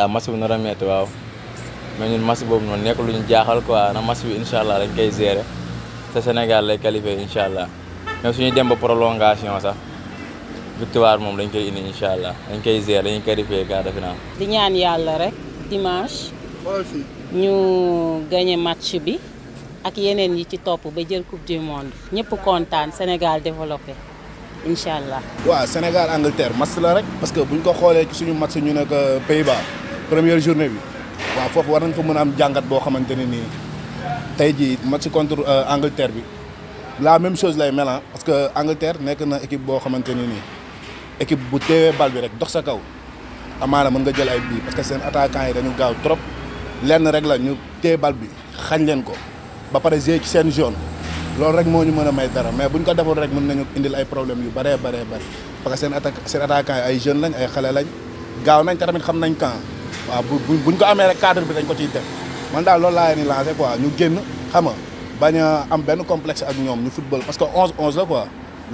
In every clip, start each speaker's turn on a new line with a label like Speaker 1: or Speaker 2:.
Speaker 1: waaw ah, match bu nar a boobu noonu nekk lu ñu jaaxal quoi na match bi incha allah dañ koy gérer te Sénégal lay qualifié incha allah suñuy dem ba prolongation sax moom dañ koy indi incha allah dañ koy gérer dañuy qualifié quart de finale.
Speaker 2: di ñaan yàlla rek dimanche. ñu gagné match bi. ak yeneen yi ci topp ba jël coupe du monde ñëpp kontaan Sénégal développé incha allah.
Speaker 3: waaw Sénégal Angleterre match la rek parce que bu ñu ko xoolee ci suñu match ñu nekk pays première journée bi waaw foofu war nañ ko mën a am jàngat boo xamante ne nii tey jii match contre euh, Angleterre bi la même chose lay mel parce que Angleterre nekk na équipe boo xamante ne nii équipe bu teewee bal bi rek dox sa kaw amaana mën nga jël ay bii parce que seen attaquants yi dañu gaaw trop lenn rek la ñu téye bal bi xañ leen ko ba pare ci seen zone loolu rek moo ñu mën a may dara mais bu ko defoon rek mën nañu indil ay problème yu bëree bëree bëri parce que seen attaque ay jeunes lañ ay xale lañ gaaw nañ te tamit xam nañ camp waaw bu buñ ko amee rek cadre bi dañ ko ci def man daal lool laa leen di lancé ñu génn xam nga bañ am benn complexe ak ñoom ñu football parce que 11 11 la quoi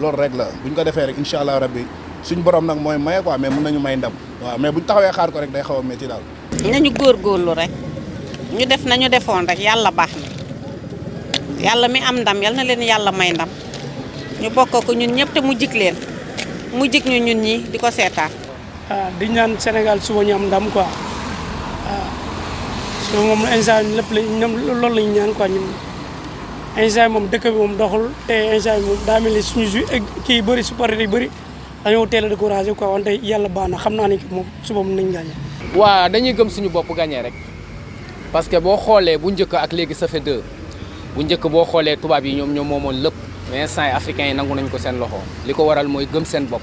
Speaker 3: lool rek la buñ ko defee rek incha allah rabbi suñ borom nag mooy maye quoi mais mun nañu may ndam waa mais buñ taxawee xaar ko rek day xaw a métti
Speaker 2: ñu góor góorgóorlu rek ñu def nañu defoon rek yàlla baax na yàlla mi am ndam yal na leen yàlla may ndam ñu bokk ko ñun ñëpp te mu jik leen mu jik ñu ñun ñi di ko seetaan.
Speaker 4: waaw ah, di ñaan Sénégal suba ñu am ndam quoi waaw ah, suba moom instant yii lépp loolu lañ ñaan quoi ñun instant moom dëkk bi moom doxul te instant moom daa mel ni suñu ju eh, kii bëri supporter yi bëri dañoo teel a découragé quoi wante yàlla baax na xam naa ni moom suba mën nañ gagné. waa dañuy gëm suñu bopp gagné rek parce que boo xoolee bu njëkk ak léegi ça fait bu njëkk boo xoolee tubaab yi ñoom ñoom moomoon lépp mais instant africain yi nangu nañ ko seen loxo li ko waral mooy gëm seen bopp.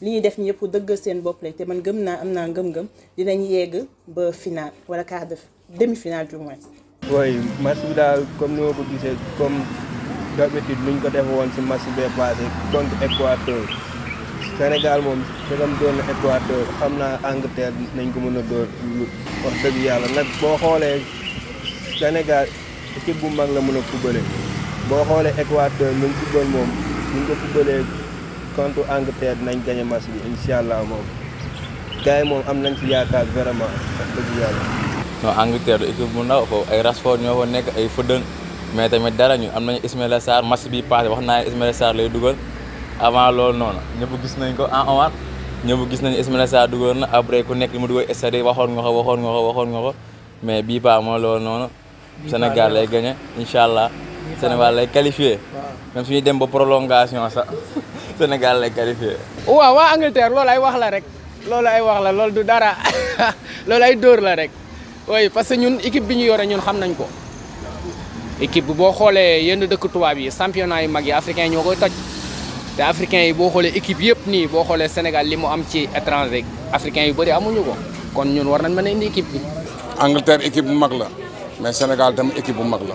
Speaker 2: li ñuy def ñi yëpp dëgg seen bopp lay te man gëm naa am naa ngëm-ngëm dinañ yegg ba final wala quart de demi-finale du moins.
Speaker 4: oui bi daal comme ni ma ko gisee comme d'habitude nuñ ko def woon ci match bee passé contre Équateur Sénégal moom dagam doon na Équateur xam naa Angleterre nañ ko mën a door wax dëgg yàlla nag boo xoolee Sénégal équipe bu mag la mën a fubale boo xoolee Équateur ñu ngi fubal moom ñu ko fubalee contre Angleterre nañ gagné match bi incha allah moom gars moom am nañ ci yaakaar vraiment wax dëgg yàlla.
Speaker 1: non Angleterre du équipe bu ndaw foofu ñoo fa nekk ay Foden mais tamit dara ñu am nañu Ismaïla Sarr match bi passé wax naa ne Ismaïla Sarr lay dugal avant loolu noonu ñëpp gis nañ ko en ah, Omar ñëpp gis nañu Ismaïla Sarr dugal na après ku nekk li mu dugal stade waxoon nga ko waxoon nga ko mais bii paa mooy loolu noonu. Sénégal lay gagné incha allah. Sénégal l'a qualifié. même suñu dem ba prolongation sax Sénégal l'a qualifié.
Speaker 4: Oui, oui, Angleterre loolu ay wax la rek loolu ay wax la loolu du dara C'est ce que la rek oui parce que ñun équipe bi ñu nous ñun xam nañ ko. équipe bi boo xoolee yenn dëkk tubaab championnat yu mag yi africain ñoo koy toj te africain yi si vous équipe yëpp nii Sénégal li mu am ci étranger africain yu bëri amuñu ko kon ñun war nañ mën a indi équipe bi.
Speaker 3: Angleterre équipe bu mag la mais Sénégal tam équipe bu mag la.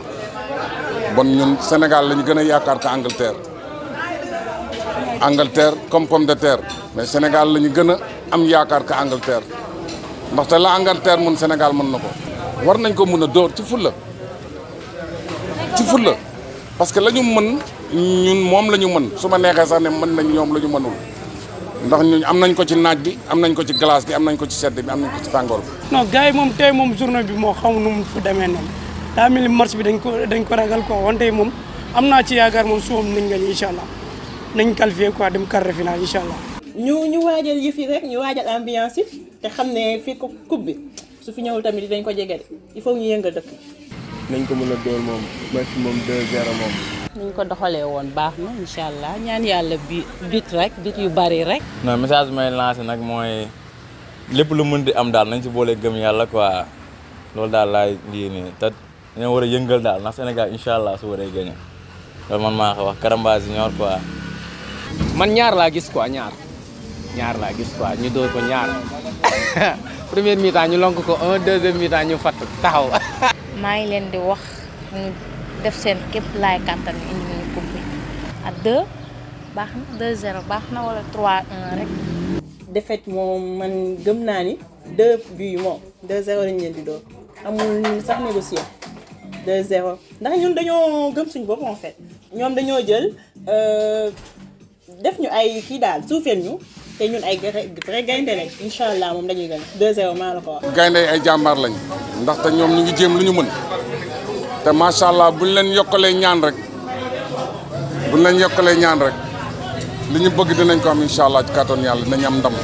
Speaker 3: bon ñun Sénégal la ñu gën a yaakaar que Angleterre Angleterre comme pomme de terre mais Sénégal la ñu gën a am yaakaar que Angleterre ndaxte la Angleterre mun Sénégal mën na ko war nañ ko mun a door ci fulla ci fulla parce que lañu ñu mën ñun moom la ñu mën su ma neexee sax ne mën nañ ñoom la ñu mënul ndax ñun am nañ ko ci naaj bi am nañ ko ci glace bi am nañ ko ci sedd bi am nañ ko ci tàngool bi.
Speaker 4: non moom tey moom journée bi moo xam nu fu demee noonu. daa mel ni bi dañ ko dañ ko ragal quoi wante moom am naa ci yaakaar moom su moom nañ gañ incha allah nañ qualifié quoi dem quart de finale allah.
Speaker 2: ñu ñu waajal yëf yi rek ñu waajal ambiance yi te xam ne fii ko coupe bi su fi ñëwul tamit dañ ko jege de il faut ñu yëngal dëkk
Speaker 1: nañ ko mën a dóor moom match moom 2-0 moom.
Speaker 2: ni ko doxalee woon baax na incha allah ñaan yàlla bi bit rek bit yu bari rek.
Speaker 1: non message may lancé nag mooy lépp lu mën di am daal nañ ci boole gëm yàlla quoi loolu daal laay lii nii te dañoo war a yëngal daal ndax Sénégal incha allah su waree gagné loolu man maa ko wax Karambas ñor quoi. man ñaar laa gis quoi ñaar ñaar laa gis quoi ñu dóor ko ñaar
Speaker 4: première mi-temps ñu lonk ko un deuxième mi-temps ñu fatt taxaw.
Speaker 1: maa ngi
Speaker 2: leen di wax ñu def seen képp laay kàttan indi ñu coupe bi ak deux baax moom man gëm naa ni deux buts moom deux zéro lañ leen di dóor amul sax négocier. deux zéro ndax ñun dañoo gëm suñu bopp en fait ñoom dañoo jël euh, def ñu ay kii daal suufeel ñu te ñun ay vrai gaynde lañ incha moom dañuy gën deux zéro maa la ko
Speaker 3: wax. gaynde ay jàmbaar lañ ndaxte ñoom ñu ngi jéem lu ñu mën te macha allah buñ leen yokkalee ñaan rek buñ leen yokkalee ñaan rek li ñu bëgg dinañ ko am incha allah yàlla dinañ am ndam.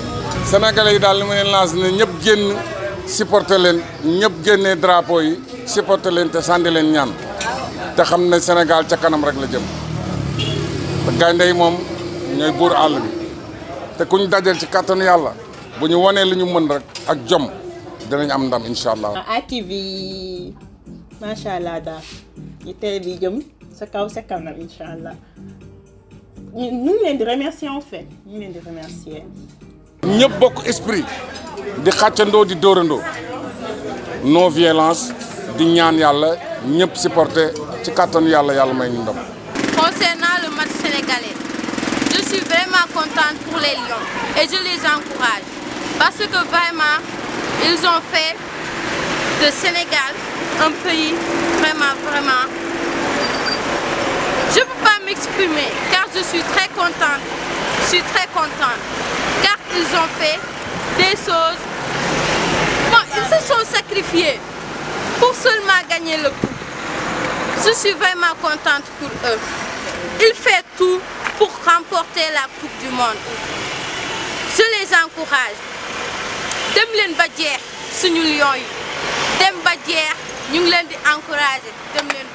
Speaker 3: Sénégalais yi daal li ma leen lancé ne ñëpp génn. supporter leen ñëpp génnee drapeau yi supporter leen te sànni leen ñaan te xam ne Sénégal ca kanam rek la jëm te gaynde yi moom ñooy buur àll bi te kuñ dajal ci kàttanu yàlla bu ñu wanee li ñu mën rek ak jom dinañ am ndam incha allah.
Speaker 2: ATV ah, macha allah daal ñu tey bi jëm sa kaw sa kanam incha allah ñu ngi leen di remercier en fait ñu ngi leen di remercier.
Speaker 3: ñëpp esprit di di Dorando. non violence di ñaan Yalla, ñëpp supporter concernant
Speaker 2: le match sénégalais je suis vraiment contente pour les Lions et je les encourage parce que vraiment ils ont fait de Sénégal un pays vraiment vraiment je ne peux pas m'exprimer car je suis très contente suis très contente car ils ont fait des choses. ils se sont sacrifiés pour seulement gagner le coup. Je suis vraiment contente pour eux. Ils font tout pour remporter la Coupe du Monde. Je les encourage. dem leen ba dem